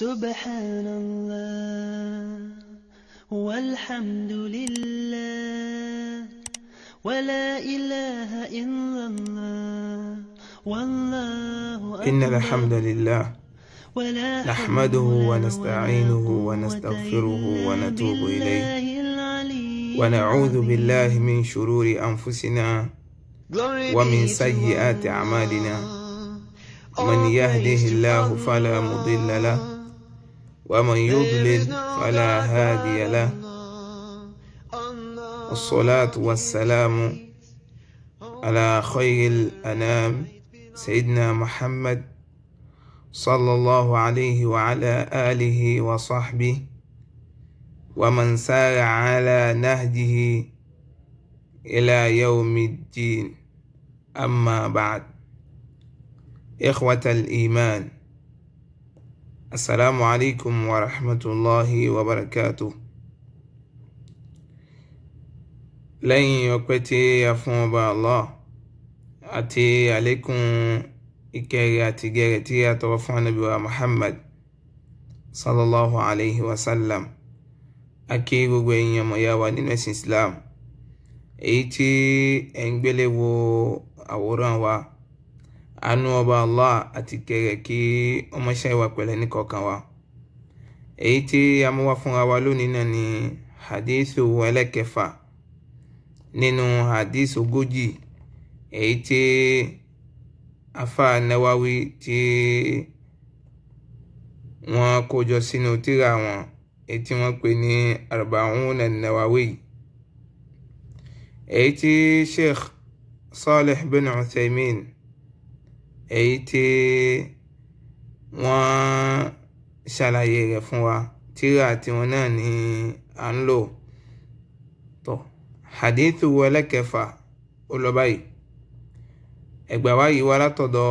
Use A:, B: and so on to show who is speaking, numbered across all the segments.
A: سبحان الله والحمد لله ولا إله إلا الله والله إن الحمد لله نحمده ونستعينه ونستغفره ونتوب إليه ونعوذ بالله من شرور أنفسنا ومن سيئات أعمالنا من يهده الله فلا مضل له ومن يضلل فلا هادي له الصلاة والسلام على خير الأنام سيدنا محمد صلى الله عليه وعلى آله وصحبه ومن سار على نهجه إلى يوم الدين أما بعد إخوة الإيمان السلام عليكم ورحمة الله وبركاته lẹ́yìn ọpẹ́ tí a fún ọba Allah àti àlékún ìkẹrẹ àti gẹrẹ tí a tọrọ fún anábìwá Muhammad sallallahu alayhi wa sallam a kí gbogbo èèyàn mọ̀yá wa nínú ẹ̀sìn Islam èyí tí ẹ̀ ń gbélé wo àwòrán wa àánú ọba Allah àti kẹrẹ kí ọmọọṣẹ́ wa pẹ̀lẹ́ nìkọ̀ọ̀kan wa èyí tí a mú wá fúnra wa lónìí náà ni hadithu ẹlẹ́kẹfà nínú hadith ogójì èyí tí afa Nawawi tí wọ́n kó jọ sínú tírà wọn èyí tí wọ́n pè ní arbauna Nawawi èyí tí Sheikh Salih bin Uthaymin èyí tí wọ́n ṣàlàyé rẹ̀ fún wa tíra tiwọn náà ni à ń lò tó hadithu ẹlẹ́kẹfà ó lọ báyìí ẹgbàá wáyé wá látọ̀dọ̀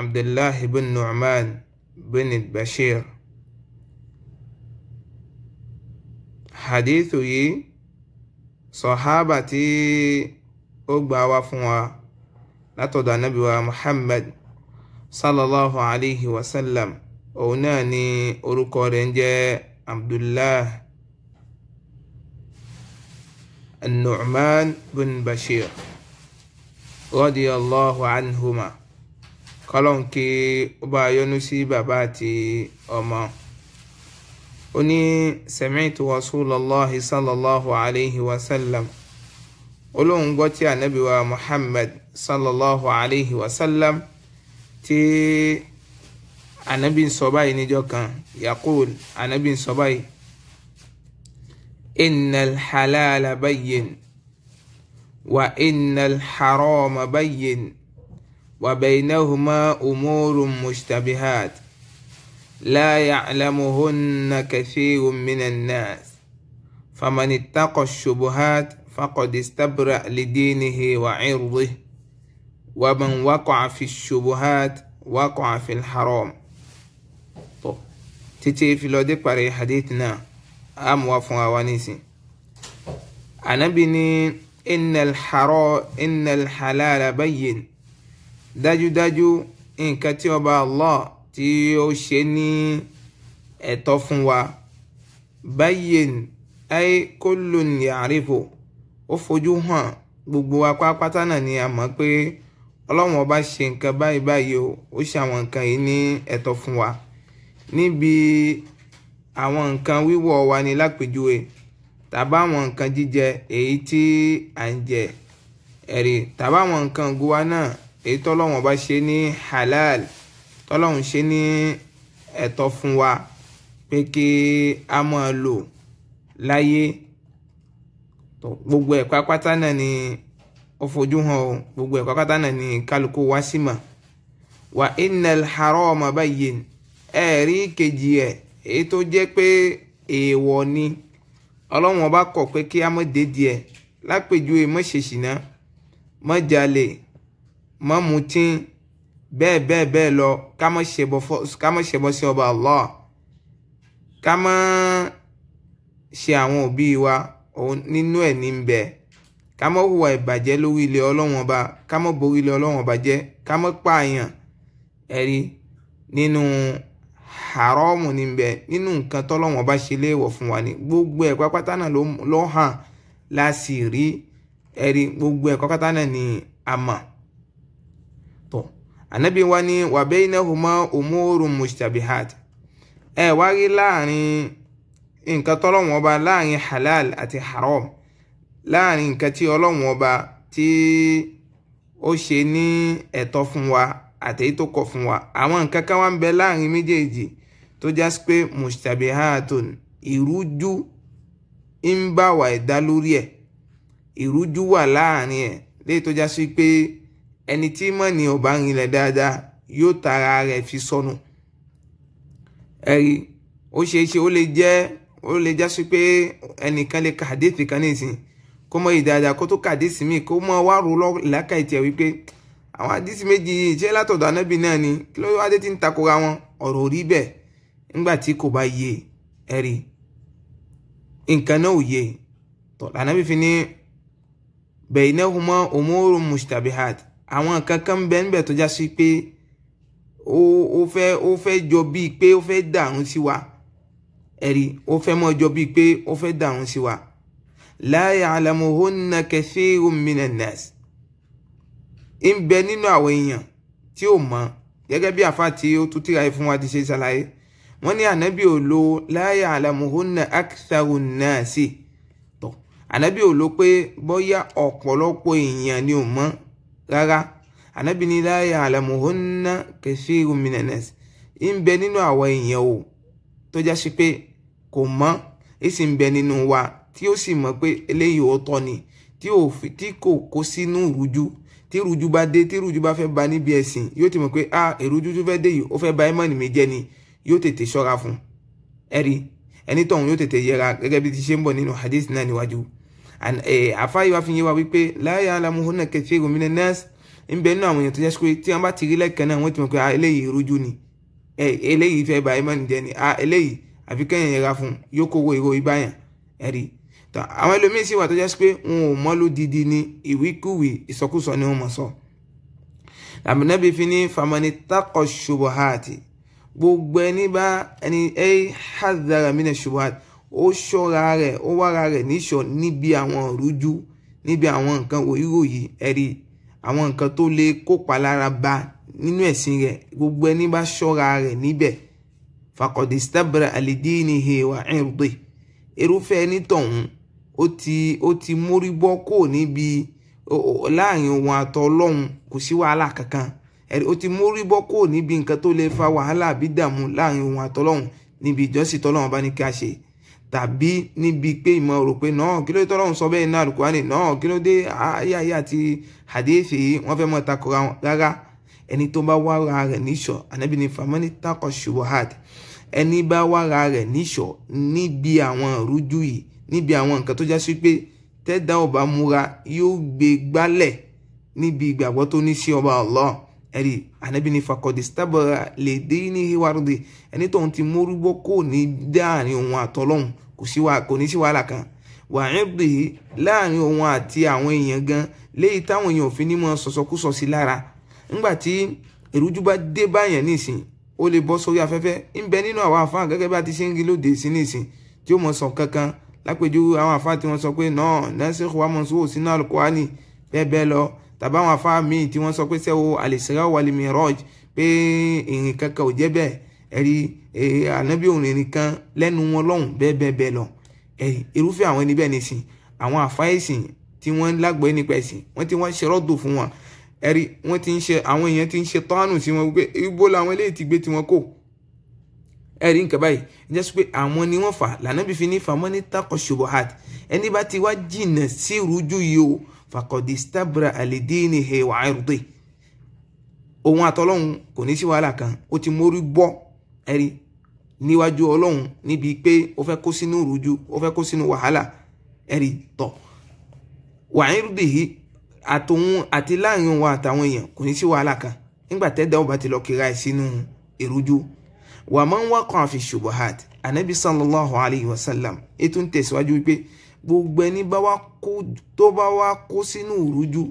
A: abdullahi bin nu'man bin bashir hadithu yìí sọ̀hábà tí ó gbà wá fún wa látọ̀dọ̀ anábìwá muhammad sallallahu alayhi wa sallam òun náà ni orúkọ rẹ̀ ń jẹ́ abdullah an-nu'man bin bashir radiyallahu anhuma kọ́lọ́n kí ó bá yọ́nú sí bàbá àti ọmọ ó ní sami'tu rasulallahi sallallahu alayhi wa sallam olóhùn gbọ́ tí muhammad sallallahu alayhi wa sallam. tí anabi ń sọ báyìí níjọ́ kan yaqul anabi ń sọ báyìí innal halala bayyin wa innal harama bayyin wa baynahuma umurun mushtabihat la ya'lamuhunna kathirun minan nas faman ittaqa ash-shubuhat faqad istabra' li dinihi wa 'irdihi ومن وقع في الشبهات وقع في الحرام طب تتي في لو دي باري حديثنا ام وفوا ونسي انا بني ان الحرام ان الحلال بين داجو داجو ان كتب الله تي او شني ẹ̀tọ́ fún wa bayin gbogbo wa pápátá náà ni a mọ̀ pé ọlọ́run ọba ṣe nǹkan báyìí báyìí o ó ṣe àwọn nǹkan yìí ní ẹ̀tọ́ fún wa níbi àwọn nǹkan wíwọ̀ wa ni lápèjúwe tàbá àwọn nǹkan jíjẹ èyí tí à ń jẹ ẹ̀rí tàbá àwọn nǹkan ògùn náà èyí tọ́lọ́run ọba ṣe ní halal tọ́lọ́run ṣe ní ẹ̀tọ́ fún wa pé kí a máa lò láyé gbogbo ẹ̀ pápátá náà ni ó fojú hàn o gbogbo ẹ̀kọ́ kátà náà ni kálukú wá sí mà wà innal harama bayyin ẹ̀rí kejì ẹ̀ èyí tó jẹ́ pé èèwọ̀ ni ọlọ́run ọba kọ̀ pé kí a mọ̀ dédì ẹ̀ lápèjúwe má ṣe ṣìnà má jalè má mutí bẹ́ẹ̀ bẹ́ẹ̀ bẹ́ẹ̀ lọ ká má ṣẹbọ sí ọba Allah ká má ṣe àwọn òbí wa nínú ẹ̀ ní bẹ́ẹ̀. ká má hùwà ìbàjẹ́ lórí ilẹ̀ ọlọ́wọ́n ọba ká má borí ilẹ̀ ọlọ́wọ́n ọba jẹ́ ká má pààyàn ẹ̀rí nínú haramu níbẹ̀ nínú nǹkan tọ́lọ́wọ́n ọba ṣe léèwọ̀ fún wa ni gbogbo ẹ̀ pápátá náà ló hàn láti rí ẹ̀rí gbogbo ẹ̀ pápátá náà ni a mọ̀ tó ànábì wa ni wa baynahuma umurun mushtabihat ẹ̀ wá rí láàrin nǹkan tọ́lọ́wọ́n ọba láàrin halal àti haram láàrin nǹkan tí ọlọ́run ọba tí ó ṣe ní ẹ̀tọ́ fún wa àtẹ̀yí tó kọ̀ fún wa àwọn nǹkan kan wá ń bẹ láàrin méjèèjì tó já sí pé mustabihatun ìrújú ń bá wa ẹ̀dá lórí ẹ̀ ìrújú wà láàrin ẹ̀ léyìí tó já sí pé ẹni tí mọ̀ ní ọba rinlẹ̀ dáadáa yóò tara rẹ̀ fi sọnù ẹ̀rí ó ṣeé ó lè jẹ́ ó lè já pé ẹnìkan lè ka hadith kan kó mọ ìdáadáa kó tó kàdé sí mi kó mọ wá ro làákà ìtìẹ wípé àwọn àdísì méjì ṣé látọ̀dọ̀ anábì náà ni kí ló wá dé tí ń takora wọn ọ̀rọ̀ rí bẹ́ẹ̀ nígbà tí kò bá yé ẹ̀rí nǹkan náà ò yé tọ́ lànàbì fi ní bainahuma umurun mushtabihat àwọn nǹkan kan bẹ́ẹ̀ níbẹ̀ tó já sí pé ó fẹ́ ó fẹ́ jọ bíi pé ó fẹ́ dàrún sí wa ẹ̀rí ó fẹ́ mọ́ jọ bíi pé ó fẹ́ dàrún sí wa. لا ya'lamuhunna kathirun من الناس. ń bẹ nínú àwọn èèyàn tí ò mọ̀ gẹ́gẹ́ bí àfa tí ó tún tíra fún wa ti ṣe ṣàlàyé wọ́n ní ànábì ò lo la ya'lamuhunna aktharun nasi tọ̀ ànábì ò lo pé bóyá ọ̀pọ̀lọpọ̀ èèyàn ni ò mọ̀ rárá ànábì ní la ya'lamuhunna kathirun minan ń bẹ nínú àwọn èèyàn o tó já pé kò mọ̀ èsì ń bẹ nínú wa tí ó sì mọ̀ pé eléyìí ọ̀tọ̀ ni tí ò fi tí kò kó sínú ìrújú tí ìrújú bá dé tí ìrújú bá fẹ́ ba níbi ẹ̀sìn yóò ti mọ̀ pé a ah, ìrújú tó fẹ́ dé yìí ó fẹ́ ba ẹmọ́ni mi jẹ́ ni yóò tètè ṣọ́ra fún ẹ̀rí ẹni tọ̀hún yóò tètè yẹra gẹ́gẹ́ bí ti ṣe ń bọ̀ nínú hadith náà níwájú eh, àfáyé wa fi yé wa wípé láyà alámuhónà kẹfìrì mi nẹ́ẹ̀sì ń bẹ nínú àwọn èèyàn tó yẹ tí wọ́n bá ti rí lẹ́ẹ̀kan náà wọ́n ti mọ̀ pé ah, eléyìí ìrújú ni eh, eléyìí fẹ́ ba ẹmọ́ni jẹ́ ni ah, eléyìí àfikẹ́yìn yẹra fún yókòwò ìró ibáyàn ẹ̀rí àwọn ẹlòmíì sì wà tó jẹ́ pé wọn ò mọ̀ lódìdí ni ìwíkúwì ìsọkúsọ ni wọ́n mọ̀ sọ. àbínábì fi ní famani takọ ṣubuhati gbogbo ẹni bá ẹni ẹ hàdàrà mí ní ṣubuhati ó ṣọ́ra rẹ̀ ó wára rẹ̀ níṣọ́ níbi àwọn rújú níbi àwọn nǹkan òyìnbó yìí ẹ̀rí àwọn nǹkan tó lè kópa lára bá nínú ẹ̀sìn rẹ̀ gbogbo ẹni bá ṣọ́ra rẹ̀ níbẹ̀ fàkọ̀dé sítábìrà àlèdè ní ẹ̀rùdè irúfẹ́ ẹni tọ̀hún ó ti ó ti mórí bọ́ kò níbi láàrin òun àtọ ọlọ́run kò sí wàhálà kankan ẹ̀rí ó ti mórí bọ́ kò níbi nǹkan tó lè fa wàhálà àbí dààmú láàrin òun àtọ ọlọ́run níbi ìjọsìn tọ́lọ́run bá ní kí a ṣe tàbí níbi pé ìmọ̀ rò pé náà kí ló dé tọ́lọ́run sọ bẹ́ẹ̀ náà al náà kí ló dé ayé ayé àti hadithi wọ́n fẹ́ mọ̀ takora rárá ẹni tó bá wá ra rẹ̀ níṣọ́ ànábì ní famani takọ̀ ṣubuhat ẹni bá wá ra rẹ̀ níṣọ́ níbi àwọn rújú yìí níbi àwọn nǹkan tó já sí pé tẹ́dá ọba múra yóò gbé gbálẹ̀ níbi ìgbàgbọ́ tó ní sí ọba Allah ẹ̀rí ànábì ní fakọ̀dé sítábọ̀ra lè dé ní hiwarde ẹni tóun ti mórúbọ́ kò ní dáàrin òun àtọ́lọ́hún kò ní sí wàhálà kan wàhíndì láàrin òun àti àwọn èèyàn gan léyìí táwọn èèyàn òfin ní mọ sọ̀sọ̀kúsọ sí lára ńgbà tí èrújú dé báyẹn nísìn ó lè bọ́ sórí afẹ́fẹ́ ń nínú àwọn àfáà gẹ́gẹ́ bá ti ṣe ń rí sí nísìn tí ó mọ sọ kankan lápèjú àwọn àfa tí wọ́n sọ pé náà nẹ́sìkò wa mọ̀nsó sínú alukuhani bẹ́ẹ̀ bẹ́ẹ̀ lọ tàbá àwọn àfa míì tí wọ́n sọ pé sẹ́wọ́ àlìsíra wàlí mìíràn pé ìrìn kankan ò jẹ́ bẹ́ẹ̀ ẹ̀rí e, ànábì òrìn nìkan lẹ́nu wọn lọ́hùn bẹ́ẹ̀ bẹ́ẹ̀ bẹ́ẹ̀ lọ ẹ̀rí irúfẹ́ àwọn ẹni bẹ́ẹ̀ nìsín àwọn àfa ẹ̀sìn tí wọ́n lágbọ́ nípa ẹ̀sìn wọ́n ti wọ́n ṣe rọ́dù fún wọn ẹ̀rí wọ́n ti ń ṣe àwọn èèyàn ti ń ṣe tọ́hánù sí wọn wípé ibo làwọn eléyìí ti gbé tiwọn kò ẹ̀rí nǹkan báyìí ǹjẹ́ pé àwọn ni wọ́n fà lànàbí fi ní famọ́ ní takọ̀ ṣubuhat ẹni bá ti wá jìnnà sí rújú yìí o fàkọ̀dé stabra àlèdéni hẹwà ẹrùdẹ òun àtọlọ́hun kò ní sí wàhálà kan ó ti mórí bọ́ ẹ̀rí níwájú ọlọ́hun níbi pé ó fẹ́ kó sínú rújú ó fẹ́ kó sínú wàhálà ẹ̀rí tọ̀ wà ẹrùdẹ yìí àtòun àti láàrin òun àtàwọn èèyàn kò ní sí wàhálà kan nígbà tẹ́dá ọba ti lọ kíra ẹ̀ sínú ìrújú. E wà máa ń wákàn fi ṣubuhat anabi sallallahu alayhi wa sallam ètò ń tẹ̀síwájú wípé gbogbo ẹni tó bá wá kó sínú ìrújú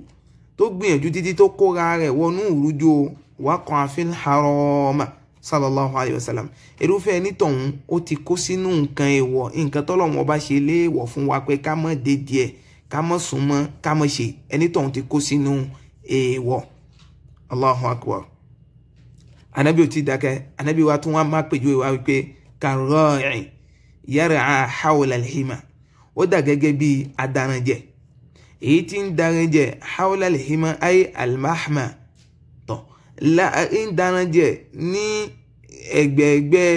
A: tó gbìyànjú títí tó kóra rẹ̀ wọnú ìrújú o wákàn fi haroma sallallahu alayhi wa sallam irúfẹ́ ẹni tọ̀hún ó ti kó sínú nǹkan èèwọ̀ nǹkan tọ́lọ́run ọba ṣe léèwọ̀ fún wa pé ká má dé ká má súnmọ́ ká má ṣe ẹni tọ̀hún ti kó sínú èèwọ̀ allahu akbar anabi ò ti dákẹ́ anabi wa tún wá má pèjú wa wípé kàrọ́ọ̀rìn yàrá hawla alhima ó dà gẹ́gẹ́ bí adaranjẹ èyí tí ń daranjẹ hawla alhima ayé almahma tán ń daranjẹ ní ẹgbẹ̀ẹ̀gbẹ́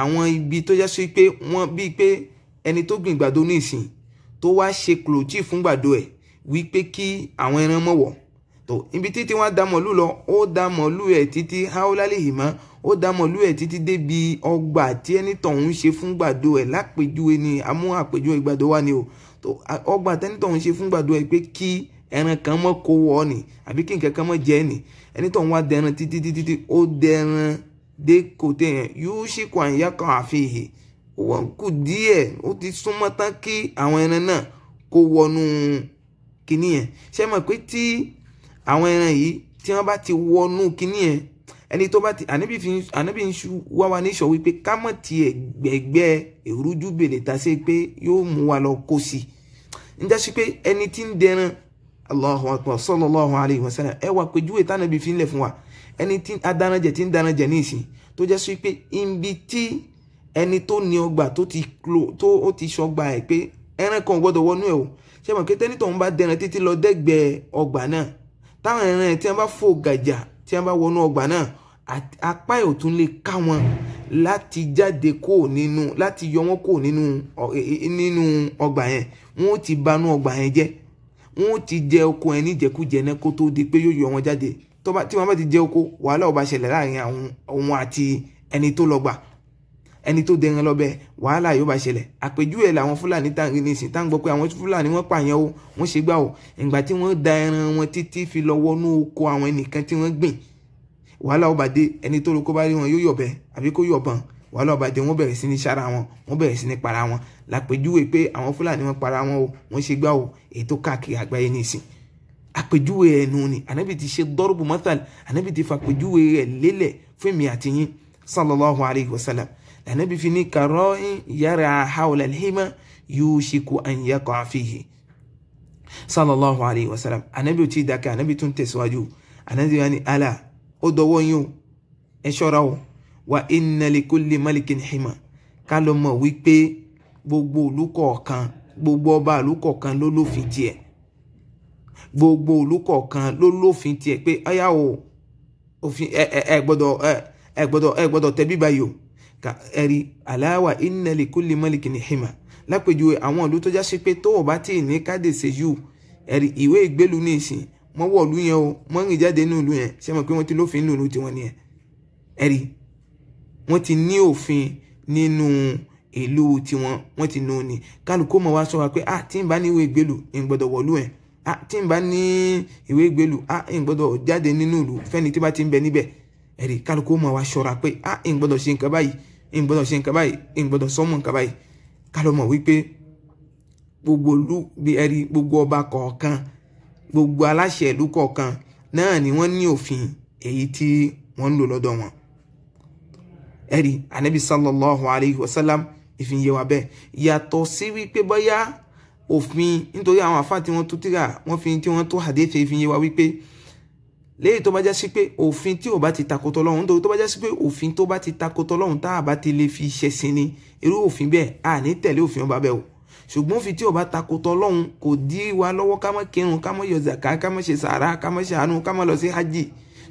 A: àwọn ibi tó yá sí pé wọ́n bíi pé ẹni tó gbìn gbàdo ní ìsìn tó wá ṣe kùlòtì fún gbàdo ẹ̀ wípé kí àwọn ẹran mọ̀ tó ibi títí wọ́n dá lọ ó dá mọ̀lú ẹ̀ títí haúlálì ìmọ̀ ó dá mọ̀lú títí débi ọgbà tí ẹni tọ̀hún ṣe fún gbàdo ẹ̀ lápèjúwe ni amú àpèjúwe gbàdo wa ni o tó ọgbà tẹ́ni tọ̀hún ṣe fún gbàdo ẹ̀ pé kí ẹran kan mọ́ kó wọ́ ni àbí kí nǹkan kan mọ́ jẹ́ ni ẹni tọ̀hún wá dẹran títí títí ó dẹran dé kòtẹ́ yẹn yóò ṣìkò àyíyá kan àfihàn wọ́n kù díẹ̀ ó ti súnmọ́ tán kí àwọn ẹran náà kó wọnú kinní yẹn ṣé mọ̀ pé tí àwọn ẹran yìí tí wọ́n bá ti wọnú kinní yẹn ẹni tó bá ti ànábì fi ànábì ń wá wa níṣọ wípé ká mọ̀ tiẹ̀ gbẹ̀gbẹ́ èrújú bèlè ta sí pé yóò mú wa lọ kó sí i pé ẹni tí ń dẹran Allahu akbar alayhi wa sallam ẹ wà péjúwe fi ibi tí ẹni tó ní ọgbà tó ti klo tó ó ti kan wọnú ẹ o ṣé kí ń bá dẹran títí lọ táwọn ẹran ẹ̀ tí wọ́n bá fò gàjà tí wọ́n bá wọnú ọgbà náà apá ẹ̀ ò tún lè ká wọn láti jáde kó nínú láti yọ wọn kó nínú nínú ọgbà yẹn wọn ó ti banú ọgbà yẹn jẹ́ wọn ó ti jẹ oko ẹ níjẹkújẹ náà kó tó di pé yóò yọ wọn jáde tí wọn bá ti jẹ oko wàhálà ó bá láàrin àwọn àti ẹni tó lọ ẹni tó dẹran lọ́bẹ̀ wàhálà yóò bá ṣẹlẹ̀ àpèjúwe làwọn fúlàní tàǹgì nìsín tá à ń gbọ́ pé àwọn fúlàní wọ́n pààyàn o wọ́n ṣe gbà o ìgbà tí wọ́n da ẹran wọn títí fi lọ wọnú oko àwọn ẹnìkan tí wọ́n gbìn wàhálà ó bá dé ẹni tó lóko bá rí wọn yóò yọ̀bẹ àbí kó yọ̀bọ̀n wàhálà ó bá dé wọ́n bẹ̀rẹ̀ sí ní sára wọn wọ́n bẹ̀rẹ̀ sí ní para wọn làpèjúwe pé àwọn fúlàní wọ́n para wọn o wọ́n ṣe gbà o èyí káàkiri àgbáyé nìsín àpèjúwe ẹ̀ nù ni ànábì ti ṣe dọ́rùbù mọ́tàlì ànábì ti fàpèjúwe rẹ̀ lélẹ̀ fún èmi àti yín sallallahu alayhi wa sallam ànábì fi ní kàrọ́ yàrá hawlẹ̀ lẹ́hìnmá yóò ṣe kó àyàkọ́ àfihì sallallahu alayhi wa sallam ànábì ò tí ì dákẹ́ ànábì tún tẹ̀síwájú ànábì wa ní ala ó dọwọ́ yín o ẹ ṣọ́ra o wa inna li kulli malikin hima ká ló mọ̀ wípé gbogbo ìlú kọ̀ọ̀kan gbogbo ọba ìlú kọ̀ọ̀kan ló lófin tiẹ̀ gbogbo ìlú kọ̀ọ̀kan ló lófin tiẹ̀ pé ọ̀yà o òfin ẹ ẹ ẹ gbọ́dọ̀ ẹ gbọ́dọ̀ ẹ gbọ́dọ̀ ka ẹ̀rí aláwa inna li kulli malikin ní hima lápèjúwe àwọn ìlú tó já sí pé tó o bá tì ní kádèsè yù ẹ̀rí ìwé ìgbélú ní ìsìn mọ́wọ́ ìlú yẹn o mọ́ rìn jáde ní ìlú yẹn ṣé mọ̀ pé wọ́n ti lófin ní ìlú tiwọn nìyẹn ẹ̀rí wọ́n ti ní òfin nínú ìlú tiwọn wọ́n ti nù ní kálukú mọ̀ wá sọ wa pé ah tí n bá ní ìwé ìgbélú n gbọ́dọ̀ wọ̀lú ẹ̀ ah tí n bá ní ìwé ìgbélú ah n gbọ́dọ̀ jáde nínú ìlú fẹ́ni tí bá ti ń bẹ níbẹ̀ ẹ̀rí kálukú ó máa wá ṣọ́ra pé a ń gbọ́dọ̀ ṣe nǹkan báyìí ń gbọ́dọ̀ ṣe nǹkan báyìí ń gbọ́dọ̀ sọ́mọ nǹkan báyìí kálọ̀ mọ̀ wípé gbogbo ìlú ẹ̀rí gbogbo ọba kọ̀ọ̀kan gbogbo aláṣẹ ìlú kọ̀ọ̀kan náà ni wọ́n ní òfin èyí tí wọ́n ń lò lọ́dọ̀ wọn. ẹ̀rí anabi sallallahu alayhi wa sallam ìfìyẹ wa bẹ́ẹ̀ yàtọ̀ sí wípé bọ́yá òfin nítorí àwọn àfáà tí wọ́n tó tíra wọ́n fi tí wọ́n tó hadithi ìfìyẹ wa wípé léyìí tó bá já sí pé òfin tí ò bá ti takò tọlọ́hun nítorí tó bá já sí pé òfin tó bá ti takò tọlọ́hun tá a bá ti lè fi ṣẹ̀sìn ni irú òfin bẹ́ẹ̀ a ní tẹ̀lé òfin ọba bẹ́ẹ̀ o ṣùgbọ́n òfin tí ò bá takò tọlọ́hun kò dí wa lọ́wọ́ ká má kírun ká má yọ zàká ká má ṣe sàárà ká má ṣàánú ká má lọ sí hajj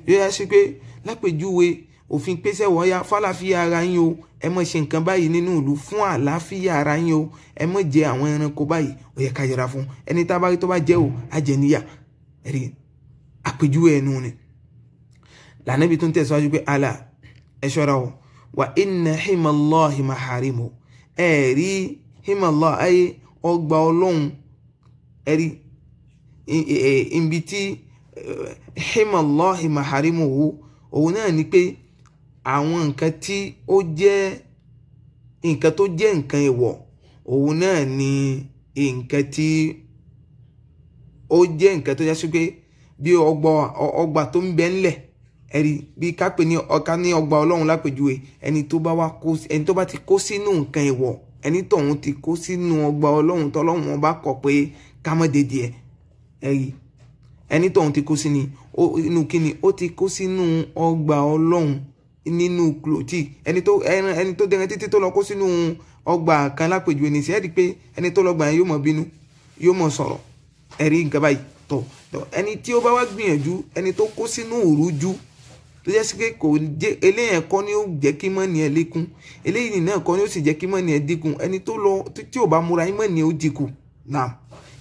A: yóò yá sí pé lápèjúwe òfin pèsè wọ́ọ́yá fàlàfíà ara yín o ẹ má ṣe nǹkan báyìí nínú ìlú fún àlàáfíà ara yín o ẹ má jẹ àwọn ẹranko báyìí ó yẹ ká yẹra fún ẹni tá a bá rí tó bá jẹ o á jẹ níyà ẹ̀rí àpèjúwe ẹnu ni lànàbí tó ń tẹ̀síwájú pé ala ẹ ṣọ́ra o wà inna himallahi maharimu ẹ rí himallahi ayé ọgbà ọlọ́run ẹ rí ibi tí himallahi maharimu wo òun náà ni pé àwọn nǹkan tí ó jẹ́ nǹkan tó jẹ́ nǹkan ìwọ̀ òun náà ni nǹkan tí ó jẹ́ nǹkan tó jásí pé bí ọgbà tó ń bẹ ńlẹ̀ ẹ̀rí bí kápẹ́ ní ọ̀ka ní ọgbà ọlọ́run lápèjúwe ẹni tó bá wá kó ẹni tó bá ti kó sínú nǹkan ìwọ̀ ẹni tọ̀hún ti kó sínú ọgbà ọlọ́run tọ́lọ́run ọba kọ̀ pé kámọ́dédé ẹ̀ ẹ̀rí ẹni tọ̀hún ti kó sínú inú kíni ó ti kó sínú ọgbà ọlọ́run nínú klòtì ẹni tó ẹni tó dẹrẹ títí tó lọ kó sínú ọgbà kan lápèjúwe nìṣẹ́ ẹ̀rí pé ẹni tó lọ gbà yóò mọ̀ bínú yóò mọ̀ sọ̀rọ̀ ẹ̀rí nǹkan báyìí tọ̀ ẹni tí ó bá wá gbìyànjú ẹni tó kó sínú òrújú tó jẹ́ sí pé kò jẹ́ eléyàn kọ́ ni ó jẹ́ kí mọ́ni ẹ lékún eléyìí náà kọ́ ni ó sì jẹ́ kí mọ́ni ẹ dínkù ẹni tó lọ tí ò bá múra ìmọ̀ni ó dínkù náà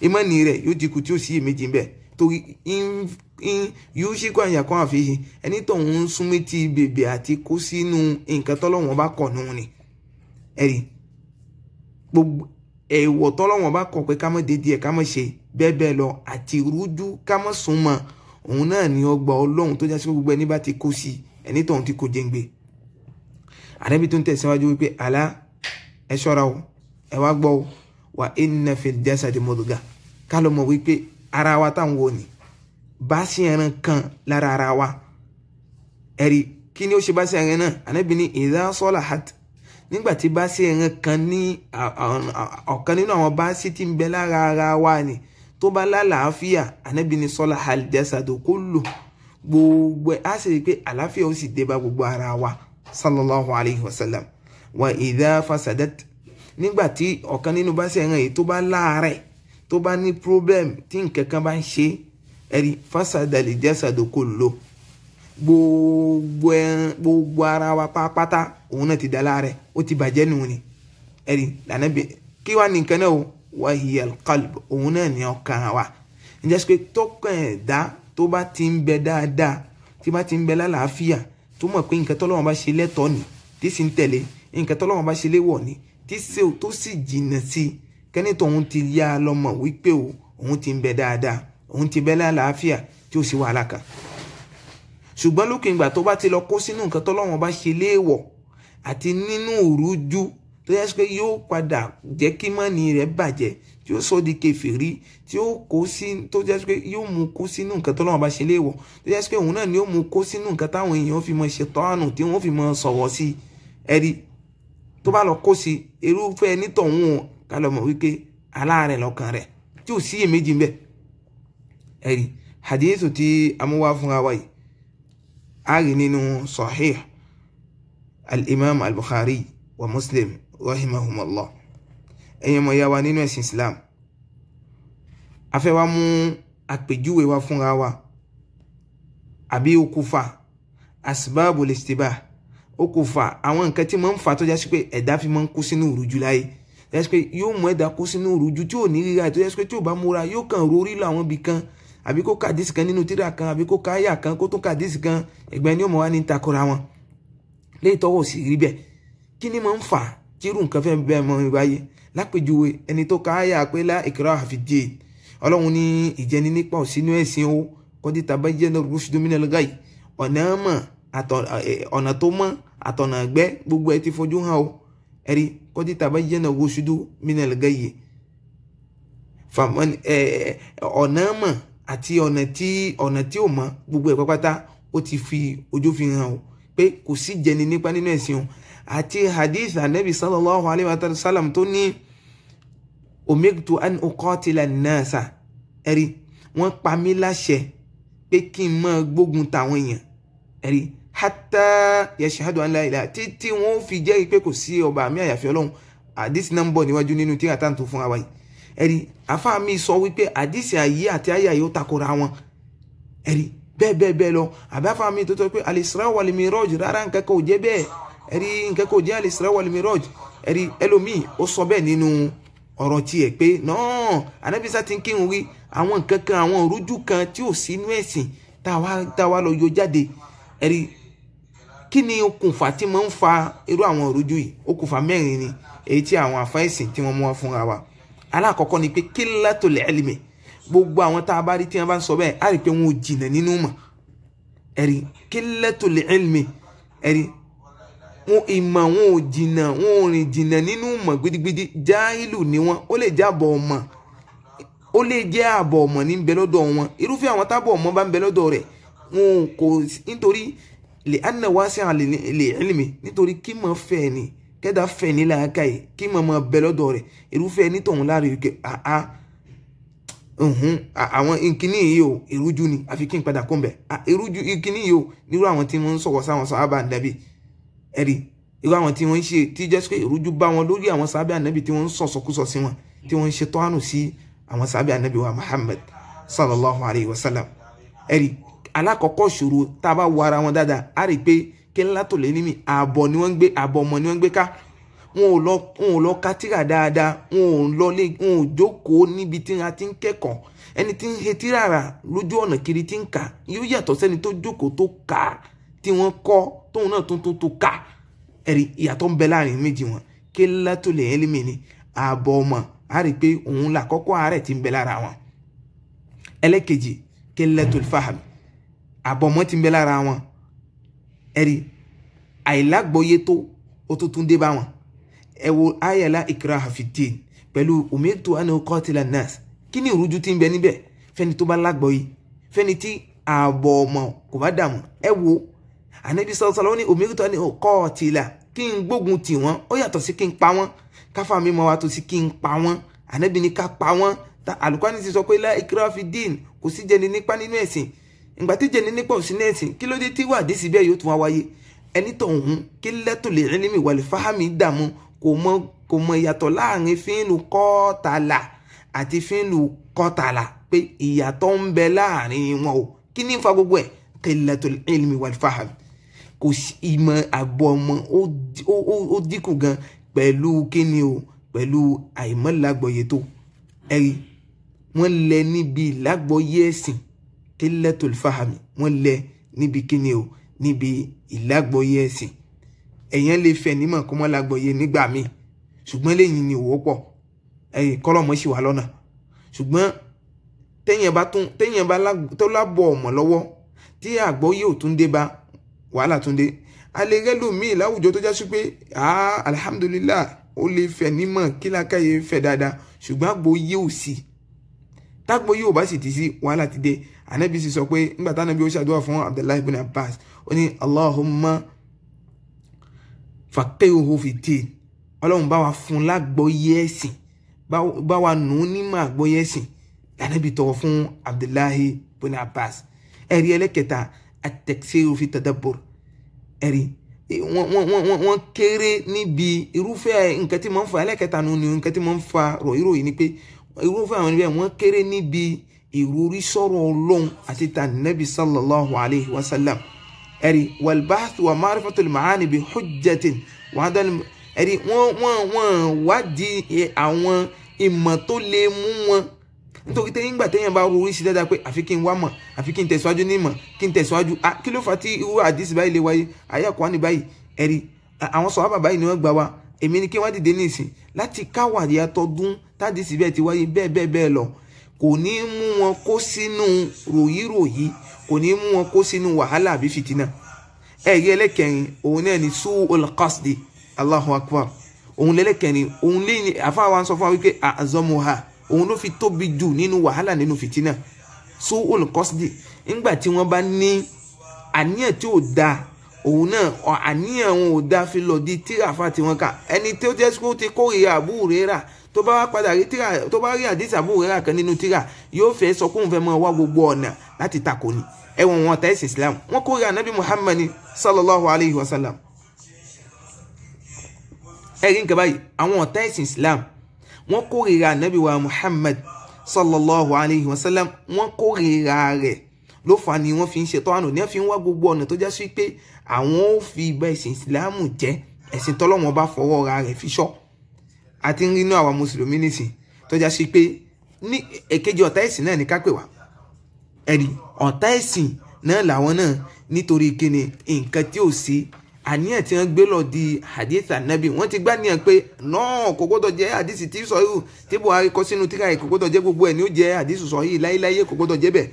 A: ìmọ̀ni rẹ̀ yóò dínkù tí ó sì èméjì bẹ́ẹ̀ torí yóò ṣíkọ́ àyàkọ́ àfihàn ẹni tó ń súnmí ti bèbè àti kó sínú nǹkan tọ́lọ́wọ́n bá kọ̀ nù ni ẹ̀rí gbogbo èèwọ̀ tọ́lọ́wọ̀n bá kọ̀ pé ká mọ̀ dédé ẹ̀ ká mọ̀ ṣe bẹ́ẹ̀ bẹ́ẹ̀ lọ àti rújú ká mọ̀ sún mọ́ òun náà ni ọgbà ọlọ́run tó jásí gbogbo ẹni bá ti kó sí ẹni tọ̀hún ti kó jẹ́ǹgbé àrẹ́bí tó ń tẹ̀síwájú wípé àlá ẹ ṣọ́ra o ẹ wá gbọ́ o wà inna fil jasadi mudga ká lọ mọ̀ wípé ara wa táwọn wò ní bá sí ẹran kan lára ara wa ẹ̀rí kí ni ó ṣe bá sí ẹran náà àrẹ́bí nígbàtí báàsì ẹran kan ní ọ̀kan nínú àwọn báàsì tí ń bẹ lára ara wa ni tó bá lálàáfíà ànábì ní sọlá àlìjásàdò kó lò gbogbo ẹ̀ á sì rí i pé àlàáfíà ó sì dé bá gbogbo ara wa sallallahu alayhi wa sallam wa ìdá fasadat nígbàtí ọ̀kan nínú báàsì ẹran yìí tó bá láàárẹ̀ tó bá ní problem tí nǹkan kan bá ń ṣe ẹ̀rí fasadà àlìjásàdò kó lò gbogbo ẹran gbogbo ara wa pátápátá òun náà ti dá láàrẹ ó ti bàjẹ́ nù ni ẹ̀rí lànà bí kí wàá ní náà o wàhíyà òun náà ní ọkàn wa ǹjẹ́ sọ pé tọkàn ẹ̀dá tó bá ti ń bẹ dáadáa tí bá ti ń bẹ lálàáfíà tó mọ̀ pé nǹkan tọ́lọ́wọ́n bá ṣe lẹ́tọ̀ọ́ ni tí sì ń tẹ̀lé nǹkan tọ́lọ́wọ́n bá ṣe léwọ̀ ni tí tó sì jìnnà sí i kẹ́ni tóun ti yá lọ́mọ wípé òun ti ń bẹ dáadáa òun ti bẹ lálàáfíà tí ó sì wàhálà kan ṣùgbọ́n lókè ìgbà tó bá ti lọ kó sínú nǹkan tọ́lọ́wọ́n bá ṣe léèwọ̀ àti nínú òrújú tó yẹ pé yóò padà jẹ́ kí mọ́ni rẹ̀ bàjẹ́ tí ó sọ di kèfèrí tí ó kó sí tó jẹ́ pé yóò mú kó sínú nǹkan tọ́lọ́wọ́n bá ṣe léèwọ̀ tó yẹ pé òun náà ni yóò mú kó sínú nǹkan táwọn èèyàn fi mọ ṣètọ́ àánú tí wọ́n fi mọ sọ̀rọ̀ sí ẹ̀rí tó bá lọ kó sí irúfẹ́ nítọ̀hún o mọ̀ wípé aláàárẹ̀ lọ́kàn rẹ̀ tí ò sí èméjì ń bẹ̀ ẹ̀rí hadithu tí amúwá fúnra wa a rí nínú sahih al-imam al-bukhari wa muslim rahimahumallah ẹ̀yin ọmọ ìyá wa nínú ẹ̀sìn islam a fẹ́ wá mú àpèjúwe wa fúnra wa àbí okùnfà asbáàbò lè ṣètìbà okùnfà àwọn nǹkan tí mo ń fà tó jásí pé ẹ̀dá fi máa ń kú sínú ìrújú láyé jásí pé yóò mú ẹ̀dá kú sínú ìrújú tí ò ní ríra tó jásí pé tí ò bá múra yóò kàn rórí lọ àwọn ibì kan àbí kó ka àdìsí kan nínú tíra kan àbí kó ka àyà kan kó tún ka àdìsí kan ẹgbẹ́ ni ó mọ̀ wá ní takora wọn léyìí tọ́wọ́ sí rí bẹ́ẹ̀ kí ni máa ń fà kí irú nǹkan fẹ́ẹ́ bẹ́ẹ̀ mọ́ ìwáyé lápèjúwe ẹni tó ka àyà pé lá ikraha fi ddin ọlọ́run ní ìjẹni nípa òsínú ẹ̀sìn o kọ́dí tabayyana rushdu minal ghayy ọ̀nà mọ̀ ọ̀nà tó mọ́ àtọ̀nà gbẹ́ gbogbo ẹ ti fojú hàn o ẹ̀rí kọ́dí tabayyana rushdu minal ghayy ọ̀nà mọ̀ àti ọ̀nà tí ọ̀nà tí ò mọ́ gbogbo ẹ̀ pápátá ó ti fi ojú fi hàn o pé kò sí jẹni nípa nínú ẹ̀sìn o àti hadith anabi sallallahu alayhi wa sallam tó ní omegtu an uqatila nasa ẹ̀rí wọ́n pa mí láṣẹ pé kí n máa gbógun táwọn èèyàn ẹ̀rí hatta yashhadu an la ilaha títí wọn ó fi jẹ́rìí pé kò sí ọba àmì àyàfi ọlọ́run àdìsí náà ń bọ̀ níwájú nínú tí àtàǹtò fún wa yìí ẹ̀rí àfáà mi sọ wípé àdìsí ayé àti ayé ayé ó takora wọn ẹ̀rí bẹ́ẹ̀ bẹ́ẹ̀ bẹ́ẹ̀ lọ àbí àfáà mi tó tọ́ pé al-Isra wal-Miraj rárá nǹkan kan ò jẹ́ bẹ́ẹ̀ ẹ̀rí nǹkan kan ò jẹ́ al-Isra wal-Miraj ẹ̀rí ẹlòmíì ó sọ bẹ́ẹ̀ nínú ọ̀rọ̀ tiẹ̀ pé náà anábísà ti ń kírun rí àwọn nǹkan kan àwọn òrújú kan tí ò sínú ẹ̀sìn táwa lọ yọ jáde ẹ̀rí kí ni okùnfà tí mo ń fa irú àwọn òrújú yìí okùnfà mẹ́rin ni èyí tí àwọn àfáìsìn tí wọ́n mú wá fúnra wa alákọ̀ọ́kọ́ ni pé killatul ilmi gbogbo àwọn tá a bá rí tí wọ́n bá ń sọ bẹ́ẹ̀ á rí pé wọn ò jìnà nínú mọ̀ ẹ̀rí killatul ilmi ẹ̀rí wọn ìmọ̀ wọn ò jìnà wọn ò rìn jìnà nínú mọ̀ gidigidi jáìlù ni wọn ó lè jábọ̀ ọmọ ó lè jẹ́ àbọ̀ ọmọ ní bẹ lọ́dọ̀ wọn irúfẹ́ àwọn tábọ̀ ọmọ bá ń bẹ lọ́dọ̀ wọn kò nítorí lè ànà wá sí àlè ilmi nítorí kí mọ̀ fẹ́ ni kẹ́dà fẹ́ ní làákà yìí kí màmá bẹ lọ́dọ̀ rẹ̀ irúfẹ́ ẹni tọ̀hún láàrin yìí kẹ́ àá ǹhún àwọn ìkíní yìí o ìrújú ni àfi kí n padà kó ń bẹ̀ ìrújú ìkíní yìí o nírú àwọn tí wọ́n ń sọ̀rọ̀ sáwọn sàábà ànábì ẹ̀rí irú àwọn tí wọ́n ń ṣe tí jẹ́ pé ìrújú bá wọn lórí àwọn sàábà ànábì tí wọ́n ń sọ̀sọ̀kúsọ sí wọn tí wọ́n ń ṣe tọ́hánù sí àwọn sàábà ànábì wa Muhammad sallallahu alayhi wa sallam ẹ̀rí alákọ̀ọ́kọ́ ṣòro tá a bá wo ara wọn dáadáa á rí i pé kẹ́lá tó lé nímì àbọ̀ ni wọ́n ń gbé àbọ̀ ọmọ ni wọ́n ń gbé ká wọn ò lọ wọn ò lọ ka tírà dáadáa wọn ò lọ lé wọn ò jókòó níbi tí a ti ń kẹ́kọ̀ọ́ ẹni tí ń he tírà rà lójú ọ̀nà kiri ti ń kà yóò yàtọ̀ sẹ́ni tó jókòó tó kà á tí wọ́n kọ́ tóun náà tó tó tó kà á ẹ̀rí ìyàtọ̀ ń bẹ láàrin méjì wọn kẹ́lá tó lè lémi ni àbọ̀ ọmọ a rí i pé òun là kọ́kọ́ àárẹ̀ ti ń bẹ lára wọn ẹlẹ́kejì kẹ́lá tó fàhàm àbọ̀ ọmọ ti ń bẹ lára wọn ẹ̀rí àìlágbọ́yé tó ó tó tún dé bá wọn ẹ wo ayala ikra hafidin pẹ̀lú umirtu ana qatila nas kí ni ìrújú tí ń bẹ níbẹ̀ fẹ́ni tó bá lágbọ́yé fẹ́ni tí ààbọ̀ ọmọ kò bá dààmú ẹ wo anabi sallallahu alaihi wasallam ní umirtu ana qatila kí n gbógun tì wọ́n ó yàtọ̀ sí kí n pa wọ́n káfà mi mọ́ wa tó sí kí n pa wọ́n anabi ní ká pa wọ́n ta alukwani ti sọ pé la ikra hafidin kò sí jẹni nípa nínú ẹ̀sìn ìgbà tí jẹni nípa òsín náà sìn kí ló dé tí wàdí síbẹ̀ yóò tún wá wáyé ẹni tọ̀hún kí lẹ́tò lè rìn nímì wàlẹ̀ fáhámì dààmú kò mọ kò mọ ìyàtọ̀ láàrin fíìlù kọ́tàlà àti fíìlù kọ́tàlà pé ìyàtọ̀ ń bẹ láàrin wọn o kí ní fa gbogbo ẹ̀ kí lẹ́tò lè rìn nímì wàlẹ̀ fáhámì kò sí ìmọ̀ àgbọ̀ ọmọ ó dínkù gan pẹ̀lú kíni o pẹ̀lú àìmọ́lágbọ̀yé tó ẹ̀rí wọ́n lẹ níbi ìlágbọ̀yé ẹ̀sìn qillatul fahami wọ́n lẹ níbi kíni o níbi ìlágbọ́yé ẹ̀sìn èèyàn lè fẹ́ nímọ̀ kó mọ́ lágbọ́yé nígbà míì ṣùgbọ́n lẹ́yìn ni òwò pọ̀ ẹ̀yìn kọ́lọ́mọ́ sì wà lọ́nà ṣùgbọ́n téèyàn bá tún téèyàn bá tó lábọ̀ ọ̀mọ̀ lọ́wọ́ tí àgbọ́yé ò tún dé bá wàhálà tún dé a lè rẹ́lòmíì láwùjọ tó já sí pé ah alhamdulillah ó lè fẹ́ nímọ̀ kí lákàyè fẹ́ dáadáa ṣùgbọ́n àgbọ́yé ò sí tágbọ́yé ò bá sì ti sí wàhálà ti dé anabi sì sọ pé nígbà tí anabi ó ṣàdúrà fún abdullahi ibn abbas ó ní allahumma faqihuhu fi din ọlọ́run bá wa fún lágbọ́yé ẹ̀sìn bá wa nù ún nímọ̀ àgbọ́yé ẹ̀sìn anabi tọwọ́ fún abdullahi ibn abbas ẹ̀rí ẹlẹ́kẹta at-taksiru fi tadabbur ẹ̀rí wọ́n kéré níbi irúfẹ́ nǹkan tí mo ń fa ẹlẹ́kẹta nù ni nǹkan tí mo ń fa ròyìnròyìn ni pé irúfẹ́ àwọn ẹni bẹ́ẹ̀ wọ́n kéré níbi ìrúrí sọ̀rọ̀ ọlọ́run àti tànàbí sallallahu alayhi wa sallam ẹ̀rí walbath wa marifatul maani bi hujjatin wàdàn ẹ̀rí wọ́n wọ́n wọ́n wádìí àwọn ìmọ̀ tó lè mú wọn nítorí tẹ́yìn nígbà tẹ́yìn bá ro oríṣi dáadáa pé àfi kí n wá mọ̀ àfi kí n tẹ̀síwájú ní ìmọ̀ kí n tẹ̀síwájú kí ló fà tí irú àdìsí báyìí lè wáyé àyà kwan ní báyìí ẹ̀rí àwọn sọ̀rọ̀ báyìí ni wọ́n gbà wá èmi ni kí wọ́n dìde ní ìsìn láti káwàdìyà tọdún tádìsí bẹ́ẹ̀ ti wáyé bẹ́ẹ̀ bẹ́ẹ̀ bẹ́ẹ̀ lọ kò ní mú wọn kó sínú ròyíròyí kò ní mú wọn kó sínú wàhálà àbí fìtínà ẹ̀rí ẹlẹ́kẹrin òun náà ni su'ul qasdi Allahu akbar òun lẹ́lẹ́kẹrin òun lé ní àfáàwá ń sọ fún wa wípé àzọmọha òun ló fi tóbi jù nínú wàhálà nínú fìtínà su'ul qasdi nígbà tí wọ́n bá ní àníyàn tí ò dáa òun náà àníyàn òun ò dá fi lọ di tíráfà tí wọ́n kà ẹni tó jẹ́ pé ó ti kórìíra àbúrẹ́rà tó bá wá padà rí tíra tó bá rí àdìsí àbúrẹ́rà kan nínú tíra yóò fẹ́ sọ pé òun mọ wá gbogbo ọ̀nà láti takò ní ẹ̀wọ̀n wọn ọ̀tá ẹ̀sìn Islam wọ́n kórìíra nabi Muhammad sallallahu alayhi wa sallam ẹ̀rí nǹkan báyìí àwọn ọ̀tá ẹ̀sìn Islam wọ́n kórìíra nabi wa Muhammad sallallahu alayhi wa sallam wọ́n kórìíra rẹ̀ ló fà ni wọ́n fi ń ṣe tọ́hánù ní wọ́n fi ń wá gbogbo ọ̀nà tó já pé àwọn ó fi ìgbà ẹ̀sìn ìsìláàmù jẹ́ ẹ̀sìn tọ́lọ́wọ́n bá fọwọ́ ra rẹ̀ fi ṣọ́ àti ń rí inú àwa mùsùlùmí nìsín tọ́já sí pé ní èkejì ọ̀tá ẹ̀sìn náà ní ká pè wá ẹ̀rí ọ̀tá ẹ̀sìn náà làwọn náà nítorí kíni nǹkan tí ò sí àníyàn tí wọ́n gbé lọ di hadith anabi wọ́n ti gbàníyàn pé náà kò gbọ́dọ̀ jẹ́ hadith tí sọ́yù tí buhari kọ sínú tíra ẹ̀ kò gbọ́dọ̀ jẹ́ gbogbo ẹ̀ ni ó jẹ́ hadith sọ́yù láyéláyé kò gbọ́dọ̀ jẹ́ bẹ̀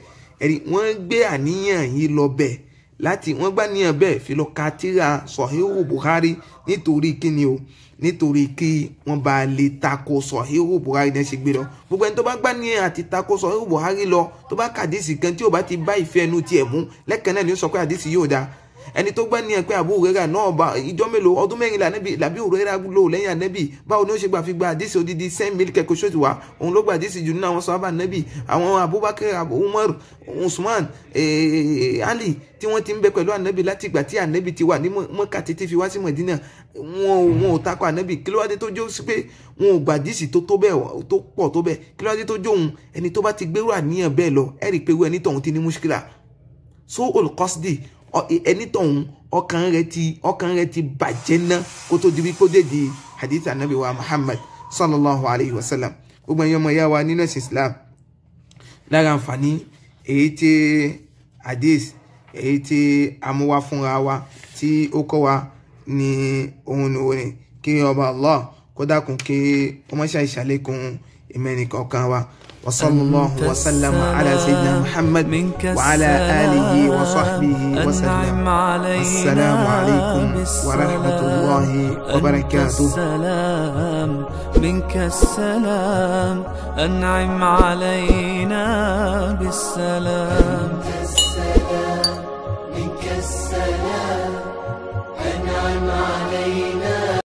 A: ẹ̀rí wọ́n gbé àníyàn yìí lọ bẹ́ẹ̀ láti wọ́n gbà níyàn bẹ́ẹ̀ fi lọ ka tírà sọ̀híhù Bukhari nítorí kíni o nítorí kí wọ́n bá lè tako sọ̀híhù Bukhari náà ṣe gbé lọ gbogbo ẹni tó bá gbà níyàn àti tako sọ̀híhù Bukhari lọ tó bá kàdísì kan tí ò bá ti bá ìfẹ́ ẹnu tiẹ̀ mú lẹ́kẹ̀ẹ́ náà ni ó sọ pé àdísì yóò dáa ẹni tó gbá ní ẹ̀pẹ́ àbú òrera náà bá ìjọ mélòó ọdún mẹ́rin làbí òrera lò lẹ́yìn ànẹ́bì báwo ni ó ṣe gbà fi gba àdísì odidi sẹ́ń mílí kẹ́kọ̀ọ́ ṣòtì wá òun ló gba àdísì jù nínú àwọn sọ́ábà ànẹ́bì àwọn Abubakar Umar Usman eh, eh, Ali tí wọ́n ti ń bẹ pẹ̀lú ànẹ́bì láti ìgbà tí ànẹ́bì ti wà ní Mọ́kà títí fi wá sí Mọ̀dínà wọn ò takọ ànẹ́bì kí ló wá dé tó jó sí pé wọn ò gbà dísì tó tó bẹ́ẹ̀ tó pọ̀ tó bẹ́ẹ̀ kí ló wá dé tó jó òun ẹni tó bá ti gbérò àníyàn bẹ́ẹ̀ lọ ẹ̀rí pé wọ́n ẹni tọ̀hún ti ní múṣkìlà so olùkọ́sídì ẹnitọ̀hún ọkàn rẹ ti ọkàn rẹ ti bàjẹ́ ná kó tó di wípé ó dé di hadith anabi wa muhammad sallallahu alayhi wa sallam gbogbo ẹ̀yin ọmọ ìyá wa nínú ẹ̀sìn islam lára àǹfààní èyí tí hadith èyí tí amúwá fúnra wa tí ó kọ́ wa ní ohun orin kí ọba allah kó dákun kí ọmọ ṣàìṣàlékún ìmẹ́nìkọ̀ọ̀kan wa. وصلى الله وسلم على سيدنا محمد وعلى آله وصحبه وسلم السلام عليكم ورحمة الله وبركاته السلام منك السلام أنعم علينا بالسلام